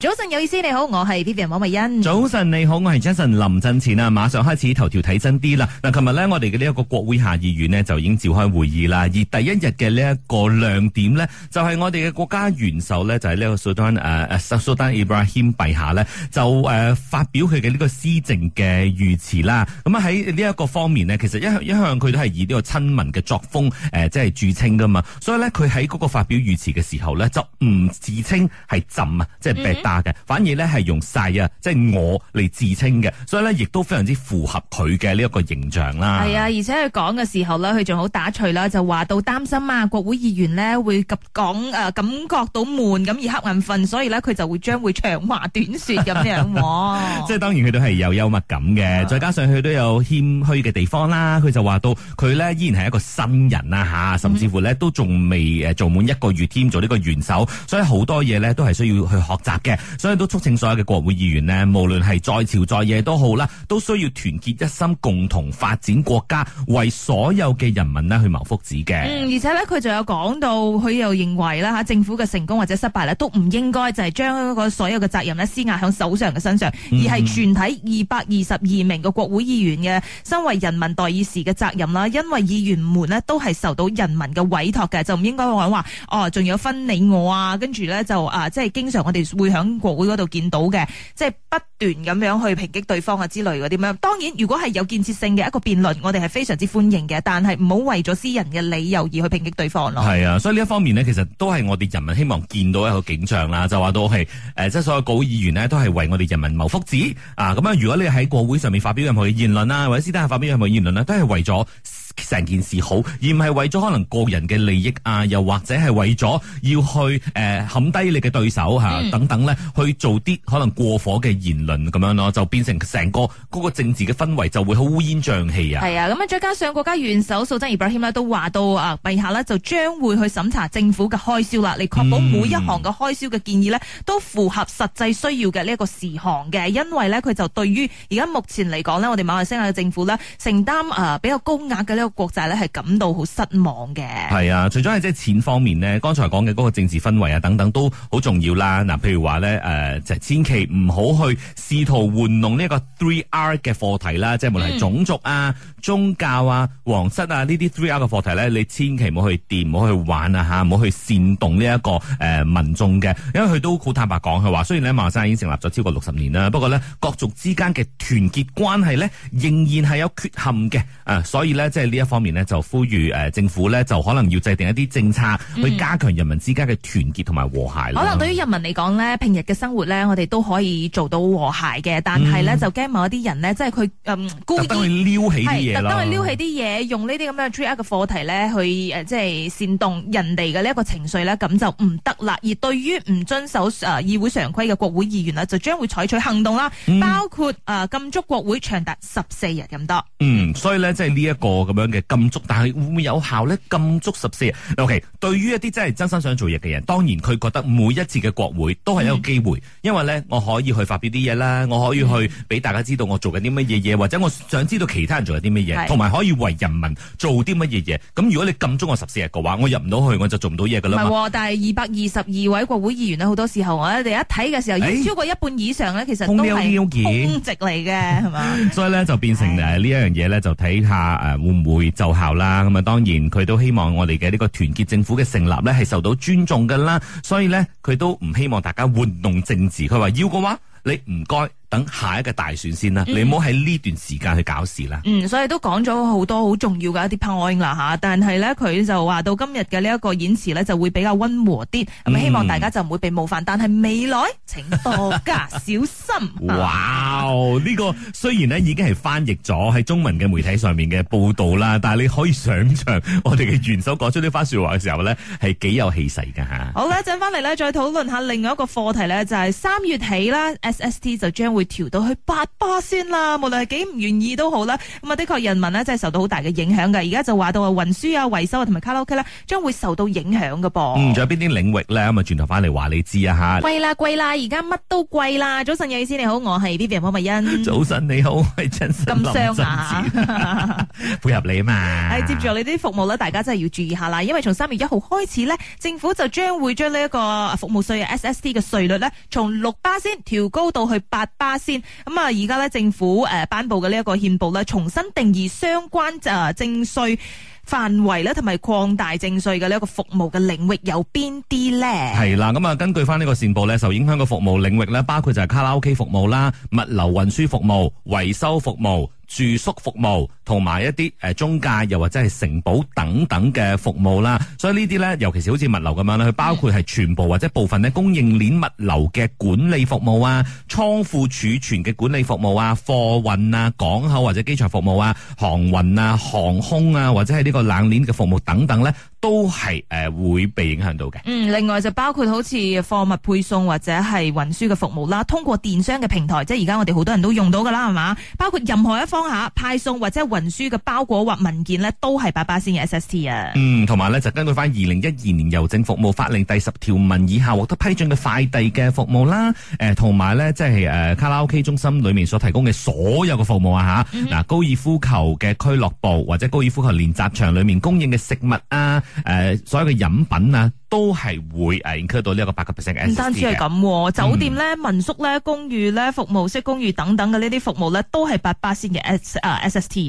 早晨有意思，你好，我係 Vivian 莫美恩。早晨你好，我係 Jason 林振前啊！馬上開始頭條睇真啲啦。嗱，琴日呢，我哋嘅呢一個國會下議院呢，就已經召開會議啦。而第一日嘅呢一個亮點呢，就係我哋嘅國家元首呢，就係呢個蘇丹誒誒、呃、蘇丹伊布拉欣陛下呢，就誒發表佢嘅呢個施政嘅御詞啦。咁啊喺呢一個方面呢，其實一一向佢都係以呢個親民嘅作風誒、呃，即係著稱噶嘛。所以呢，佢喺嗰個發表御詞嘅時候呢，就唔自稱係朕啊，即係。嘅，反而咧係用晒啊，即係我嚟自稱嘅，所以咧亦都非常之符合佢嘅呢一個形象啦。係啊，而且佢講嘅時候咧，佢仲好打趣啦，就話到擔心啊，國會議員咧會及講啊，感覺到悶咁而瞌眼瞓，所以咧佢就會將會長話短説咁樣。即係當然佢都係有幽默感嘅，再加上佢都有謙虛嘅地方啦。佢就話到佢咧依然係一個新人啦嚇，甚至乎咧都仲未誒做滿一個月添做呢個元首，所以好多嘢咧都係需要去學習嘅。所以都促請所有嘅國會議員呢，無論係在朝在野都好啦，都需要團結一心，共同發展國家，為所有嘅人民咧去謀福祉嘅。嗯，而且呢，佢仲有講到，佢又認為啦吓，政府嘅成功或者失敗咧，都唔應該就係將個所有嘅責任咧施壓響首相嘅身上，而係全體二百二十二名嘅國會議員嘅身為人民代議士嘅責任啦。因為議員們咧都係受到人民嘅委託嘅，就唔應該講話哦，仲有分你我啊，跟住呢，就啊，即係經常我哋會響。國會嗰度見到嘅，即係不斷咁樣去抨擊對方啊之類嗰啲咩？當然，如果係有建設性嘅一個辯論，我哋係非常之歡迎嘅。但係唔好為咗私人嘅理由而去抨擊對方咯。係啊，所以呢一方面咧，其實都係我哋人民希望見到一個景象啦，就話到係誒，即係所有國會議員咧都係為我哋人民謀福祉啊。咁啊，如果你喺國會上面發表任何嘅言論啊，或者私底下發表任何言論咧，都係為咗。成件事好，而唔係為咗可能個人嘅利益啊，又或者係為咗要去誒冚低你嘅對手吓、啊嗯、等等咧，去做啲可能過火嘅言論咁樣咯，就變成成個嗰個政治嘅氛圍就會好烏煙瘴氣啊！係啊，咁啊，再加上國家元首蘇丹易卜拉欣咧都話到啊，陛下咧就將會去審查政府嘅開銷啦，嚟確保、嗯、每一項嘅開銷嘅建議咧都符合實際需要嘅呢一個事項嘅，因為咧佢就對於而家目前嚟講咧，我哋馬來西亞嘅政府咧承擔誒、呃、比較高額嘅呢。國際咧係感到好失望嘅。係啊，除咗係即係錢方面呢，剛才講嘅嗰個政治氛圍啊等等都好重要啦。嗱，譬如話咧誒，就千祈唔好去試圖玩弄呢一個 three R 嘅課題啦，即係無論係種族啊、宗教啊、皇室啊呢啲 three R 嘅課題咧，你千祈唔好去掂，唔好去玩啊嚇，唔好去煽動呢、這、一個誒、呃、民眾嘅，因為佢都好坦白講，佢話雖然咧馬來西亞已經成立咗超過六十年啦，不過咧各族之間嘅團結關係咧仍然係有缺陷嘅啊、呃，所以咧即係。一方面呢，就呼籲誒政府呢，就可能要制定一啲政策去加強人民之間嘅團結同埋和諧，嗯嗯。可能對於人民嚟講呢，平日嘅生活呢，我哋都可以做到和諧嘅，但係呢，就驚某一啲人呢，即係佢誒故意當撩起啲嘢，當佢撩起啲嘢，用呢啲咁嘅 trigger 嘅課題呢，去即係煽動人哋嘅呢一個情緒呢，咁就唔得啦。而對於唔遵守議會常規嘅國會議員呢，就將會採取行動啦，包括禁足國會長達十四日咁多。嗯，所以呢，即係呢一個咁。嗯樣嘅禁足，但係會唔會有效呢？禁足十四日，O K。Okay, 對於一啲真係真心想做嘢嘅人，當然佢覺得每一次嘅國會都係一個機會，嗯，因為呢，我可以去發表啲嘢啦，我可以去俾大家知道我做緊啲乜嘢嘢，或者我想知道其他人做緊啲乜嘢，同埋可以為人民做啲乜嘢嘢。咁如果你禁足我十四日嘅話，我入唔到去，我就做唔到嘢噶啦。但係二百二十二位國會議員呢，好多時候我哋一睇嘅時候，哎，超過一半以上呢，其實都係空席嚟嘅，係、嗯、嘛 所以呢，就變成呢一樣嘢呢，哎、就睇下誒會唔會？會奏效啦，咁啊當然佢都希望我哋嘅呢個團結政府嘅成立咧係受到尊重噶啦，所以咧佢都唔希望大家玩弄政治，佢話要嘅話你唔該。等下一個大選先啦，嗯，你唔好喺呢段時間去搞事啦。嗯，所以都講咗好多好重要嘅一啲 point 啦吓，但係呢，佢就話到今日嘅呢一個演詞呢，就會比較溫和啲，咁、嗯、希望大家就唔會被冒犯。但係未來，請多加 小心。哇、wow，啊、呢、這個雖然呢已經係翻譯咗喺中文嘅媒體上面嘅報道啦，但係你可以想象我哋嘅元首講出呢番說話嘅時候呢，係幾有氣勢嘅吓。好，啦陣翻嚟呢，再討論下另外一個課題呢就係、是、三月起啦，S S T 就將會。會調到去八巴先啦，無論係幾唔願意都好啦。咁啊，的確人民呢真係受到好大嘅影響嘅。而家就話到啊，運輸啊、維修啊同埋卡拉 OK 啦，將會受到影響嘅噃。嗯，仲有邊啲領域咧？咁啊，轉頭翻嚟話你知啊吓。貴啦貴啦，而家乜都貴啦。早晨，記者你好，我係 B B R 方慧欣。早晨你好，係陳生林生子， 配合你嘛。誒，接住你啲服務咧，大家真係要注意一下啦。因為從三月一號開始咧，政府就將會將呢一個服務稅 S S T 嘅稅率咧，從六巴先調高到去八巴。先咁啊！而家咧，政府誒頒布嘅呢一個憲報咧，重新定義相關誒徵稅範圍咧，同埋擴大徵稅嘅呢一個服務嘅領域有邊啲咧？係啦，咁啊，根據翻呢個憲報咧，受影響嘅服務領域咧，包括就係卡拉 OK 服務啦、物流運輸服務、維修服務。住宿服務同埋一啲誒中介，又或者係承保等等嘅服務啦。所以呢啲呢，尤其是好似物流咁樣呢，佢包括係全部或者部分呢供應鏈物流嘅管理服務啊、倉庫儲存嘅管理服務啊、貨運啊、港口或者機場服務啊、航運啊、航空啊，或者係呢個冷鏈嘅服務等等呢。都係誒、呃、會被影響到嘅。嗯，另外就包括好似貨物配送或者係運輸嘅服務啦，通過電商嘅平台，即係而家我哋好多人都用到噶啦，係嘛？包括任何一方吓派送或者運輸嘅包裹或文件呢，都係八巴仙嘅 SST 啊。嗯，同埋呢，就根據翻二零一二年郵政服務法令第十條文以下獲得批准嘅快遞嘅服務啦。誒、呃，同埋呢，即係誒卡拉 OK 中心裏面所提供嘅所有嘅服務啊吓。嗱、嗯，高爾夫球嘅俱樂部或者高爾夫球練習場裏面供應嘅食物啊。誒、呃，所有嘅飲品啊，都係會誒 include 到呢一個八個 percent 嘅 SST 嘅、啊。唔單止係咁，酒店咧、民宿咧、公寓咧、服務式公寓等等嘅呢啲服務咧，都係八巴仙嘅 S 啊 SST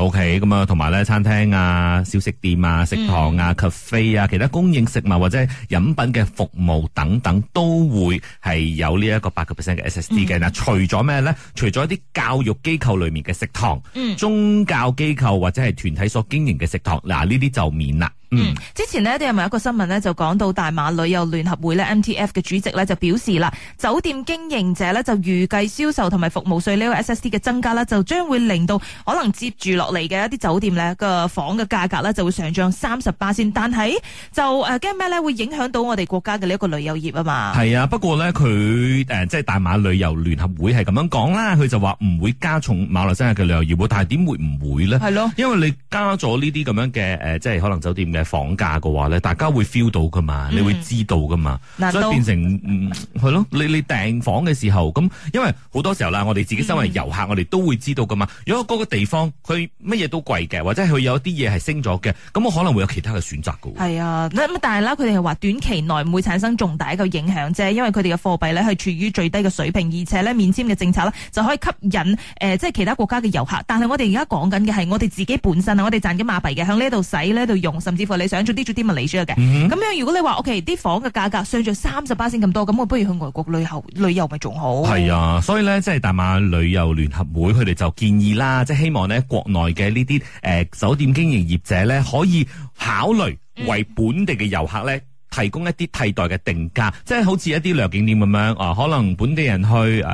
OK，咁啊，同埋咧，餐廳啊、小食店啊、食堂啊、cafe 啊，其他供應食物或者飲品嘅服務等等，都會係有這的的、嗯、呢一個八個 percent 嘅 SST 嘅。嗱，除咗咩咧？除咗啲教育機構裏面嘅食堂、嗯、宗教機構或者係團體所經營嘅食堂，嗱呢啲就免啦。嗯，嗯，之前咧都有咪有一個新聞咧就。講到大馬旅遊聯合會咧，MTF 嘅主席咧就表示啦，酒店經營者咧就預計銷售同埋服務稅呢個 SST 嘅增加咧，就將會令到可能接住落嚟嘅一啲酒店咧個房嘅價格咧就會上漲三十八先，但係就誒驚咩咧？會影響到我哋國家嘅呢一個旅遊業啊嘛。係啊，不過咧佢誒即係大馬旅遊聯合會係咁樣講啦，佢就話唔會加重馬來西亞嘅旅遊業，但係點會唔會咧？係咯，因為你加咗呢啲咁樣嘅誒、呃，即係可能酒店嘅房價嘅話咧，大家會 feel 到。噶、嗯、嘛，你會知道噶嘛道，所以變成係、嗯、咯，你你訂房嘅時候咁，因為好多時候啦，我哋自己身為遊客，嗯、我哋都會知道噶嘛。如果嗰個地方佢乜嘢都貴嘅，或者佢有啲嘢係升咗嘅，咁我可能會有其他嘅選擇噶。係啊，但係啦，佢哋係話短期內唔會產生重大一個影響啫，因為佢哋嘅貨幣咧係處於最低嘅水平，而且咧免簽嘅政策啦就可以吸引誒即係其他國家嘅遊客。但係我哋而家講緊嘅係我哋自己本身，我哋賺緊馬幣嘅，向呢度使，呢度用，甚至乎你想做啲做啲咪理咗嘅，咁、嗯如果你話，O K，啲房嘅價格上漲三十八仙咁多，咁我不如去外國旅遊旅遊咪仲好？係啊，所以咧，即係大馬旅遊聯合會，佢哋就建議啦，即係希望咧，國內嘅呢啲誒酒店經營業者咧，可以考慮為本地嘅遊客咧。提供一啲替代嘅定價，即係好似一啲旅遊景點咁樣，啊可能本地人去誒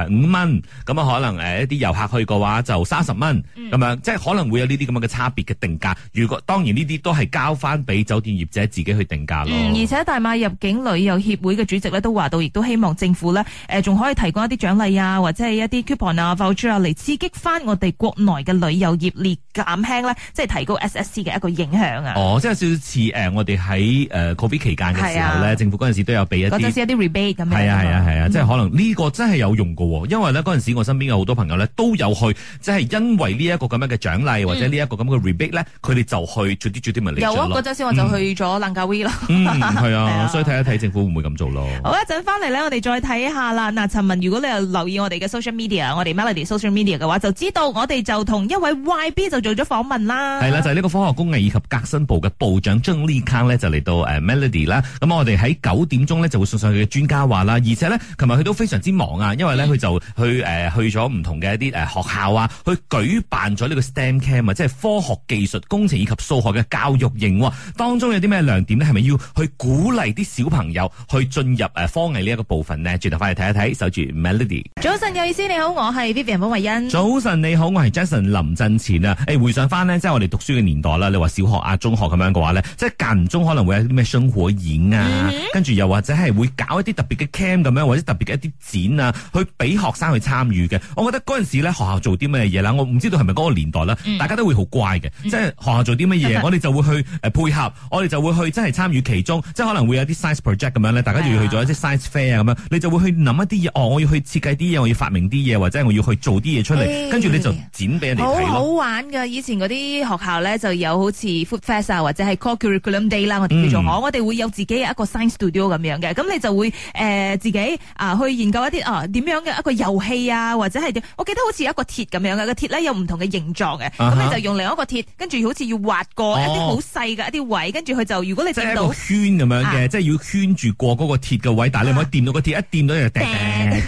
五蚊，咁、呃、啊可能一啲遊客去嘅話就三十蚊咁樣，即係可能會有呢啲咁嘅差別嘅定價。如果當然呢啲都係交翻俾酒店業者自己去定價咯、嗯。而且大馬入境旅遊協會嘅主席咧都話到，亦都希望政府咧仲、呃、可以提供一啲獎勵啊，或者係一啲 coupon 啊、voucher 啊嚟刺激翻我哋國內嘅旅遊業嚟減輕咧即係提高 S S C 嘅一個影響啊。哦，即係少少似誒、呃、我哋喺誒 COVID 期間嘅。是啊、時候咧，政府嗰陣時都有俾一啲，嗰陣時有啲 rebate 咁樣。係啊係啊係啊，是啊是啊是啊，嗯、即係可能呢個真係有用噶，因為呢嗰陣時我身邊有好多朋友咧都有去，即、就、係、是、因為呢一個咁樣嘅獎勵或者呢一個咁嘅 rebate 咧，佢哋就去做啲做啲咪嚟咗咯。有啊，嗰陣時我就去咗蘭卡威啦。嗯，係啊、啊、啊，所以睇一睇政府會唔會咁做咯。好，一陣翻嚟咧，我哋再睇下啦。嗱，噚晚，如果你又留意我哋嘅 social media，我哋 Melody social media 嘅話，就知道我哋就同一位 YB 就做咗訪問啦。係啦、啊，就係、是、呢個科學工藝以及革新部嘅部長張利康咧，就嚟到誒、uh, Melody 啦。咁我哋喺九點鐘咧就會送上佢嘅專家話啦，而且咧琴日佢都非常之忙啊，因為咧佢就去誒、呃、去咗唔同嘅一啲誒學校啊，去舉辦咗呢個 STEM camp 啊，即係科學、技術、工程以及數學嘅教育營喎。當中有啲咩亮點咧？係咪要去鼓勵啲小朋友去進入誒科藝呢一個部分呢？轉頭返嚟睇一睇，守住 Melody。早晨有意思，你好，我係 Vivian 方慧欣。早晨你好，我係 Jason 林振前啊！誒回想翻呢，即、就、係、是、我哋讀書嘅年代啦，你話小學啊、中學咁樣嘅話咧，即係間唔中可能會有啲咩生活演啊！跟住又或者係會搞一啲特別嘅 cam 咁樣，或者特別嘅一啲展啊，去俾學生去參與嘅。我覺得嗰陣時咧，學校做啲咩嘢啦？我唔知道係咪嗰個年代啦。Mm -hmm. 大家都會好乖嘅，mm -hmm. 即係學校做啲乜嘢，我哋就會去誒配合，我哋就會去真係參與其中。即係可能會有啲 science project 咁樣咧，大家就要去做一啲 science fair 啊咁樣，mm -hmm. 你就會去諗一啲嘢。哦，我要去設計啲嘢，我要發明啲嘢，或者我要去做啲嘢出嚟。跟、mm、住 -hmm. 你就剪俾人哋睇、mm -hmm. 好玩噶！以前嗰啲學校咧就有好似 food fair 或者係 curriculum day 啦，mm -hmm. oh, 我哋叫做我，我哋會有自己。一個 science studio 咁樣嘅，咁你就會誒、呃、自己啊去研究一啲啊點樣嘅一個遊戲啊，或者係點？我記得好似一個鐵咁樣嘅，個鐵咧有唔同嘅形狀嘅，咁、uh -huh. 你就用另一個鐵，跟住好似要滑過一啲好細嘅一啲位，跟住佢就如果你掂到，即係一個圈咁樣嘅、啊，即係要圈住過嗰個鐵嘅位，但係你唔可以掂到個鐵，一掂到就掟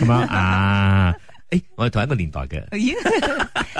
咁 樣啊。 誒、哎，我哋同一個年代嘅，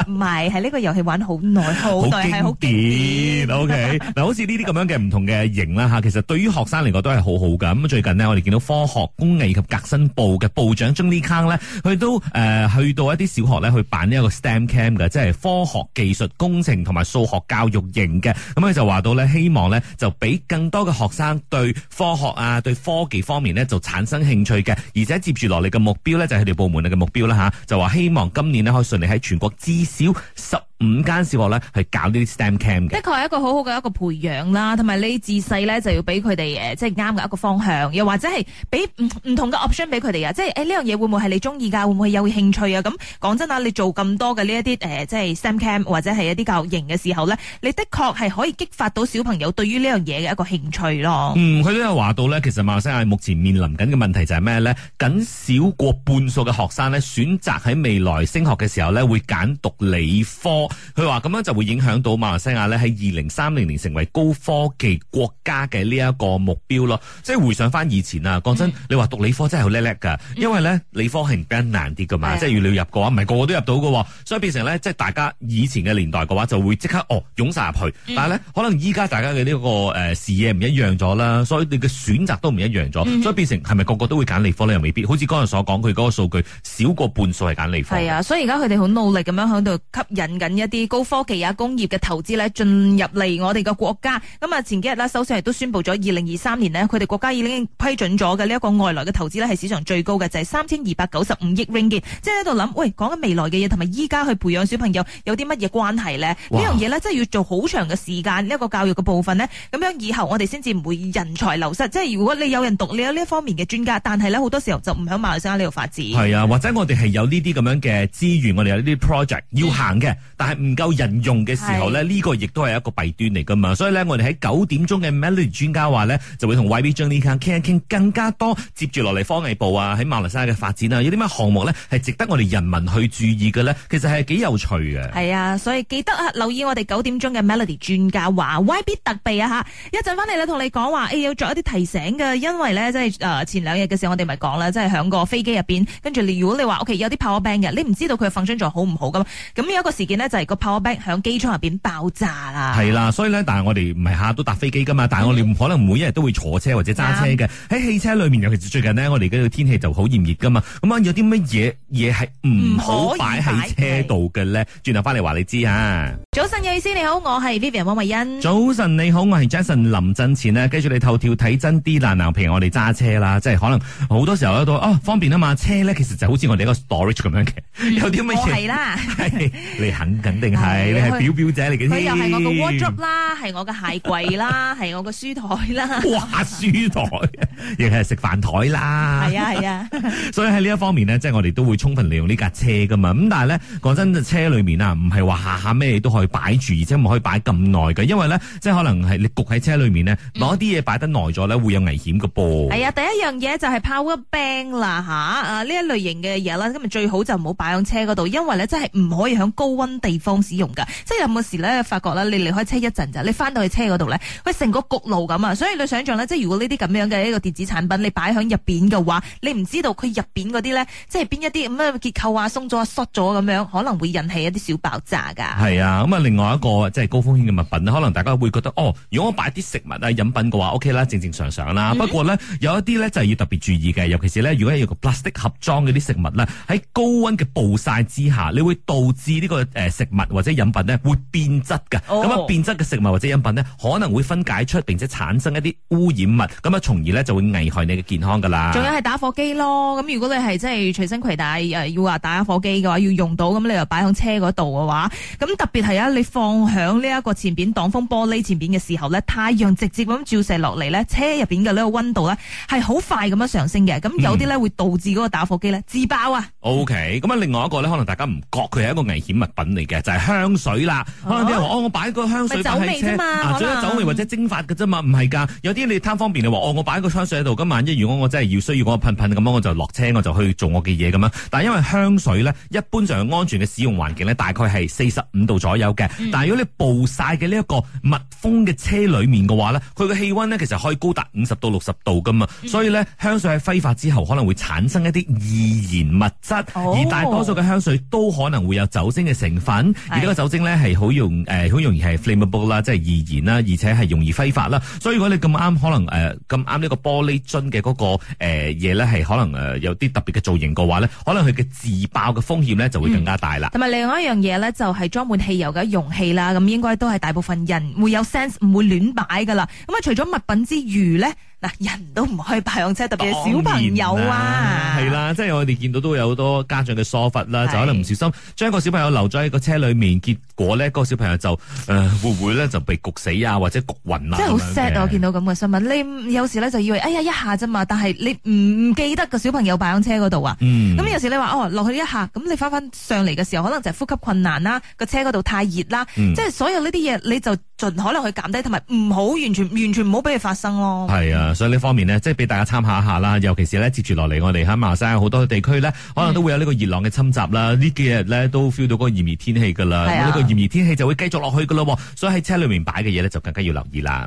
唔 係， 係呢個遊戲玩、 okay、 好耐，好耐係好經典。O K，嗱，好似呢啲咁樣嘅唔同嘅型啦，吓，其實對於學生嚟講都係好好噶。咁最近呢，我哋見到科學、工藝及革新部嘅部長鄭立慷咧，佢都誒去到一啲小學咧去辦呢一個 STEM camp 嘅，即係科學、技術、工程同埋數學教育型嘅。咁佢就話到咧，希望咧就俾更多嘅學生對科學啊、對科技方面咧就產生興趣嘅，而且接住落嚟嘅目標咧就係佢哋部門嘅目標啦，吓。就話希望今年咧可以順利喺全國至少十。五間小學咧，去搞呢啲 STEM camp 嘅，的確係一個好好嘅一個培養啦，同埋呢自細咧就要俾佢哋誒，即係啱嘅一個方向，又或者係俾唔唔同嘅 option 俾佢哋啊，即係誒呢樣嘢會唔會係你中意噶？會唔會有興趣啊？咁講真啊，你做咁多嘅呢一啲誒，即係 STEM camp 或者係一啲教育型嘅時候咧，你的確係可以激發到小朋友對於呢樣嘢嘅一個興趣咯。嗯，佢都有話到咧，其實馬來西亞目前面臨緊嘅問題就係咩咧？僅少過半數嘅學生咧，選擇喺未來升學嘅時候咧，會揀讀讀理科。佢話咁樣就會影響到馬來西亞咧喺二零三零年成為高科技國家嘅呢一個目標咯，即係回想翻以前啊，講真，嗯、你話讀理科真係好叻叻噶，因為咧理科係比較難啲噶嘛，即係要你入嘅話唔係個個都入到噶，所以變成咧即係大家以前嘅年代嘅話就會即刻哦湧晒入去，但係咧可能依家大家嘅呢、這個誒、呃、視野唔一樣咗啦，所以你嘅選擇都唔一樣咗、嗯，所以變成係咪個個都會揀理科咧又未必，好似剛才所講佢嗰個數據少過半數係揀理科，係啊，所以而家佢哋好努力咁樣喺度吸引緊。一啲高科技啊，工業嘅投資咧進入嚟我哋嘅國家。咁啊，前幾日咧，首相亦都宣布咗二零二三年呢，佢哋國家已經批准咗嘅呢一個外來嘅投資咧，係史上最高嘅，就係三千二百九十五億 Ringgit。即係喺度諗，喂，講緊未來嘅嘢，同埋依家去培養小朋友有啲乜嘢關係呢？」呢樣嘢咧，即係要做好長嘅時間，一、這個教育嘅部分呢，咁樣以後我哋先至唔會人才流失。即、就、係、是、如果你有人讀，你有呢一方面嘅專家，但係咧好多時候就唔響馬來西亞呢度發展。係啊，或者我哋係有呢啲咁樣嘅資源，我哋有呢啲 project 要行嘅，嗯係唔夠人用嘅時候咧，呢、這個亦都係一個弊端嚟噶嘛。所以咧，我哋喺九點鐘嘅 Melody 專家話咧，就會同 YB Chang Lih Kang 傾一傾，更加多接住落嚟科藝部啊，喺馬來西亞嘅發展啊，有啲咩項目咧係值得我哋人民去注意嘅咧？其實係幾有趣嘅。係啊，所以記得啊，留意我哋九點鐘嘅 Melody 專家話、啊啊、YB 特備啊吓，一陣翻嚟咧同你講話，誒要作一啲提醒嘅，因為咧即係誒前兩日嘅時候我哋咪講啦，即係響個飛機入邊，跟住你如果你話屋企有啲 powerbank 嘅，你唔知道佢放張床好唔好噶。咁有一個事件呢。就是。個 powerbank 響機艙入邊爆炸啦，係啦，所以咧，但係我哋唔係下都搭飛機噶嘛，但係我哋唔可能每一日都會坐車或者揸車嘅。喺汽車裏面，尤其是最近呢，我哋而家個天氣就好炎熱噶嘛。咁啊，有啲乜嘢嘢係唔好擺喺車度嘅咧？轉頭翻嚟話你知啊。早晨嘅意思你好，我係 Vivian 汪慧欣。早晨你好，我係 Jason 林振前咧，跟住你頭條睇真啲啦，嗱，譬如我哋揸車啦，即係可能好多時候都哦方便啊嘛，車咧其實就好似我哋一個 storage 咁樣嘅，有啲咩？我係啦 ，你肯肯定係，你係表表姐嚟嘅，佢又係我嘅 wardrobe 啦，係 我嘅鞋櫃啦，係我嘅書台啦，哇，書台。 書台亦係食飯台啦，係啊係啊，啊 所以喺呢一方面呢，即、就、係、是、我哋都會充分利用呢架車噶嘛。咁但係咧，講真，車裏面啊，唔係話下下咩都可以擺住，而且唔可以擺咁耐嘅。因為咧，即係可能係你焗喺車裏面呢，攞啲嘢擺得耐咗咧，會有危險嘅噃。係、哎、啊，第一樣嘢就係 Power Bank 啦吓啊，呢、啊啊、一類型嘅嘢啦，咁咪最好就唔好擺響車嗰度，因為咧真係唔可以響高溫地方使用噶。即係有冇時咧發覺啦，你離開車一陣就，你翻到去車嗰度咧，佢成個焗爐咁啊。所以你想象咧，即係如果呢啲咁樣嘅一個。電子產品你擺喺入邊嘅話，你唔知道佢入邊嗰啲咧，即係邊一啲咁樣嘅結構啊鬆咗啊縮咗咁樣，可能會引起一啲小爆炸噶。係啊，咁啊另外一個即係、就是、高風險嘅物品可能大家會覺得哦，如果我擺啲食物啊飲品嘅話，OK 啦，正正常常啦。不過呢，有一啲咧就係、是、要特別注意嘅，尤其是呢，如果係用個 plastic 盒裝嗰啲食物咧，喺高溫嘅暴曬之下，你會導致呢個誒食物或者飲品呢會變質噶。咁、哦、啊變質嘅食物或者飲品呢，可能會分解出並且產生一啲污染物，咁啊從而呢。就。會危害你嘅健康噶啦，仲有係打火機咯。咁如果你係即係隨身携帶誒，要話打火機嘅話，要用到咁你又擺響車嗰度嘅話，咁特別係啊，你放響呢一個前邊擋風玻璃前邊嘅時候咧，太陽直接咁照射落嚟咧，車入邊嘅呢個温度咧係好快咁樣上升嘅。咁有啲咧會導致嗰個打火機咧自爆啊。OK，咁啊，okay, 另外一個咧，可能大家唔覺佢係一個危險物品嚟嘅，就係、是、香水啦。可能你話哦，我擺個香水喺車啊，最多酒味或者蒸發噶啫嘛，唔係噶。有啲你貪方便你話哦，我擺個香水。喺度，咁萬一如果我真係要需要個噴噴咁，我就落車，我就去做我嘅嘢咁樣，但係因為香水咧，一般就係安全嘅使用環境咧，大概係四十五度左右嘅。但係如果你暴晒嘅呢一個密封嘅車裏面嘅話咧，佢嘅氣温咧其實可以高達五十到六十度噶嘛。所以咧，香水喺揮發之後可能會產生一啲易燃物質，而大多數嘅香水都可能會有酒精嘅成分。而呢個酒精咧係好容誒好容易係、呃、flammable 啦，即係易燃啦，而且係容易揮發啦。所以如果你咁啱可能誒咁啱呢個波。玻璃樽嘅嗰個誒嘢咧，係、呃、可能誒有啲特別嘅造型嘅話咧，可能佢嘅自爆嘅風險咧就會更加大啦。同、嗯、埋另外一樣嘢咧，就係裝滿汽油嘅容器啦。咁應該都係大部分人會有 sense，唔會亂擺噶啦。咁啊，除咗物品之餘咧，嗱，人都唔可以擺響車，特別係小朋友啊，係啦、啊啊，即係我哋見到都有好多家長嘅疏忽啦，就可能唔小心將個小朋友留咗喺個車裏面，結果咧個小朋友就誒、呃、會唔會咧就被焗死啊，或者焗暈啊，即係好 sad 啊！我見到咁嘅新聞，你有時咧就以為哎呀一下啫嘛，但係你唔記得個小朋友擺響車嗰度啊，咁、嗯、有時你話哦落去一下，咁你翻翻上嚟嘅時候，可能就呼吸困難啦，個車嗰度太熱啦、嗯，即係所有呢啲嘢你就。盡可能去減低，同埋唔好完全完全唔好俾佢發生咯。係啊，所以呢方面呢，即係俾大家參考一下啦。尤其是呢，接住落嚟，我哋喺馬來西亞好多地區呢，可能都會有呢個熱浪嘅侵襲啦。呢幾日呢，都 feel 到嗰個炎熱天氣噶啦，呢、啊、個炎熱天氣就會繼續落去噶喎。所以喺車裏面擺嘅嘢呢，就更加要留意啦。